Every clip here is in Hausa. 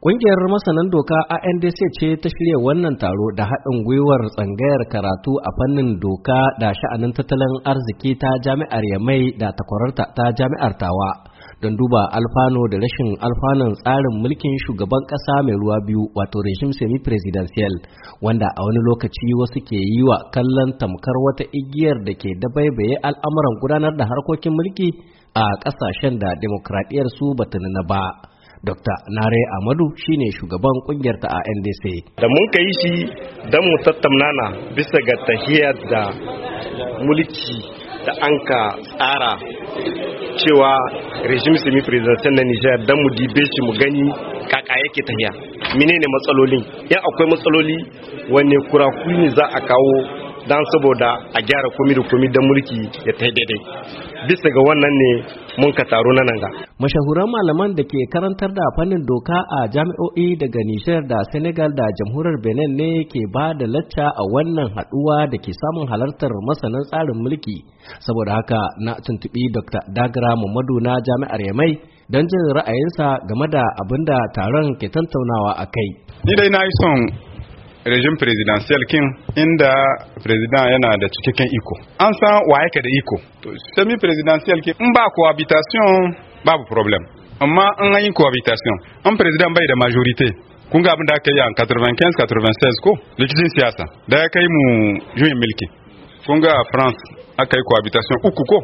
Ƙungiyar masanan doka a NDC ce ta shirya wannan taro da haɗin gwiwar tsangayar karatu a fannin doka da sha'anin tattalin arziki ta jami'ar Yamai da takwararta ta jami'ar Tawa don duba alfano da rashin alfanon tsarin mulkin shugaban ƙasa mai ruwa biyu wato rejim semi-presidential wanda a wani lokaci wasu ke yi wa kallon tamkar wata igiyar da ke dabaibaye al'amuran gudanar da harkokin mulki a ƙasashen da demokradiyyar su bata nuna ba. Dr. Nare Amadu shine shugaban kungiyar ta a NDC. Da mun kai shi don mu tattauna na bisa ga tahiyar da mulki da an ka tsara cewa regime semi presidential na Nijar don mu dibe shi mu gani kaka yake tahiya. Menene matsalolin? Yan akwai matsaloli wanne kurakuni za a kawo don saboda a gyara kumi da kumi don mulki ya ta daidai bisa ga wannan ne mun ka taro na nan ga mashahuran malaman da ke karantar da fannin doka a jami'o'i daga Nijar da Senegal da jamhuriyar Benin ne ke ba da lacca a wannan haɗuwa da ke samun halartar masanan tsarin mulki saboda haka na tuntubi Dr. Dagara Muhammadu na jami'ar Yamai don jin ra'ayinsa game da abin da taron ke tattaunawa a kai ni dai na yi son rejim presidential kin inda president yana da cikakken iko an san waye ka da iko to semi presidential kin in ba cohabitation babu problem amma in an yi cohabitation an president bai da majority kun ga abin da aka yi a 95 96 ko likitin siyasa da ya kai mu juyin milki kun ga france aka yi cohabitation uku ko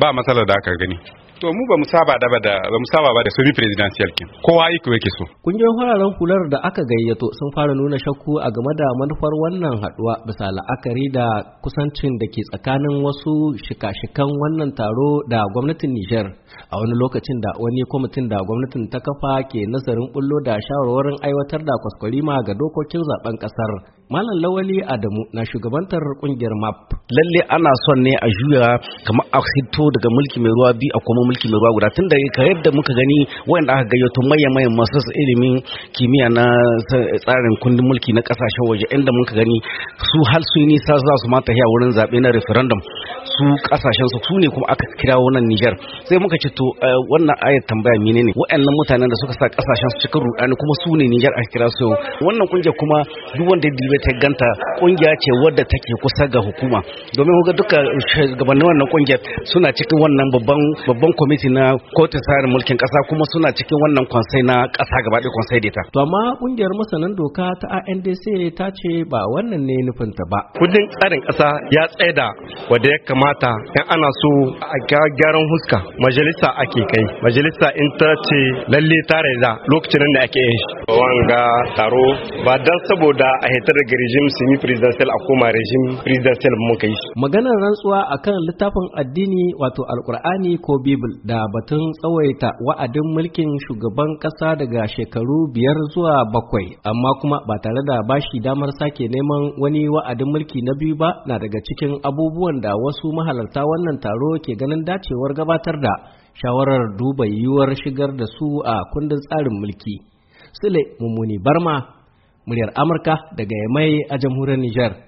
ba matsala da aka gani to mu ba mu saba da ba da ba mu saba ba da semi presidential kin kowa iko yake so kungiyoyin fararen hular da aka gayyato sun fara nuna shakku a game da manufar wannan haduwa bisa la'akari da kusancin da ke tsakanin wasu shika-shikan wannan taro da gwamnatin Nijar a wani lokacin da wani kwamitin da gwamnatin ta kafa ke nazarin bullo da shawarwarin aiwatar da kwaskwarima ga dokokin zaben kasar Malam Lawali Adamu na shugabantar kungiyar MAP. Lalle ana son ne a juya kamar a hito daga mulki mai ruwa biyu a kuma mulki mai ruwa guda tun da ka yadda muka gani wanda aka gayyato maye mayan masu ilimin kimiyya na tsarin kundin mulki na kasashen waje inda muka gani su hal su nisa za su mata hiya wurin zaɓe na referendum su kasashen su ne kuma aka kira wannan Niger sai muka ce to eh, wannan ayar tambaya menene waɗannan mutanen da suka sa kasashen su cikin rudani kuma su ne Niger aka kira su wannan kungiya kuma duk wanda dilbe ta ganta kungiya ce wadda take kusa ga hukuma domin kuga duka gabanin wannan kungiyar suna cikin wannan babban babban kwamiti na kotun tsarin mulkin kasa kuma suna cikin wannan kwansai na kasa gaba da ta. data to amma kungiyar masanan doka ta ANDC ta ce ba wannan ne nufinta ba Kudin tsarin kasa ya tsaida wanda ya kama kamata in ana so a gyaran huska majalisa ake kai majalisa in ta ce lalle ta da lokacin da ake yin shi wanga taro ba dan saboda a da daga rejim semi presidential a koma rejim presidential mun kai shi maganar rantsuwa akan littafin addini wato alkur'ani ko bibil da batun tsawaita wa'adin mulkin shugaban kasa daga shekaru biyar zuwa bakwai amma kuma ba tare da bashi damar sake neman wani wa'adin mulki na biyu ba na daga cikin abubuwan da wasu mahalarta wannan taro ke ganin dacewar gabatar da shawarar duba yiwuwar shigar da su a kundin tsarin mulki. Sule Mummuni Barma, muryar Amurka daga Yamai a jamhuriyar Nijar.